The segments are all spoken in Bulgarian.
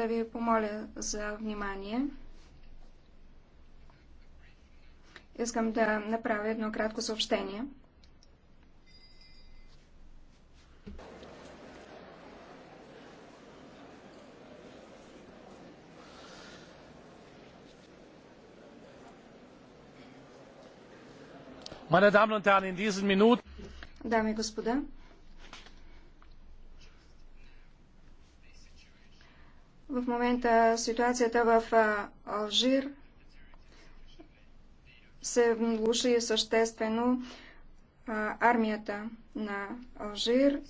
да ви помоля за внимание. Искам да направя едно кратко съобщение. Meine Damen und Herren, in diesen Minuten Dame, господа, В момента ситуацията в Алжир се влуши съществено. Армията на Алжир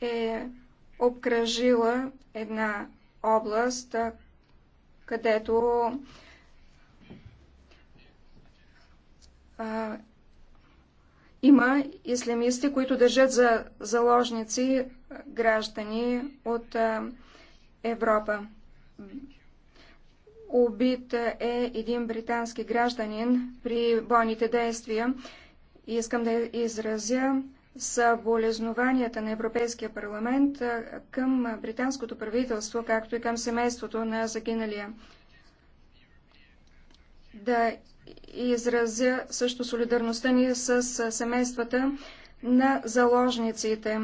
е обкръжила една област, където а, има ислямисти, които държат за заложници граждани от а, Европа. Убит е един британски гражданин при бойните действия. и Искам да изразя съболезнованията на Европейския парламент към британското правителство, както и към семейството на загиналия. Да изразя също солидарността ни с семействата на заложниците.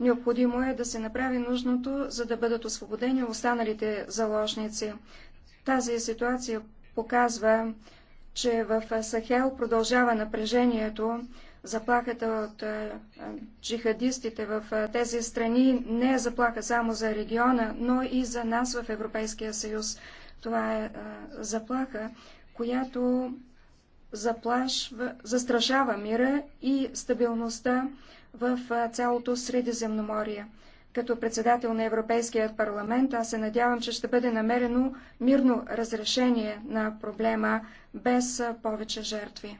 Необходимо е да се направи нужното, за да бъдат освободени останалите заложници. Тази ситуация показва, че в Сахел продължава напрежението. Заплахата от е, джихадистите в е, тези страни не е заплаха само за региона, но и за нас в Европейския съюз. Това е, е заплаха, която заплашва, застрашава мира и стабилността в цялото Средиземноморие. Като председател на Европейския парламент, аз се надявам, че ще бъде намерено мирно разрешение на проблема без повече жертви.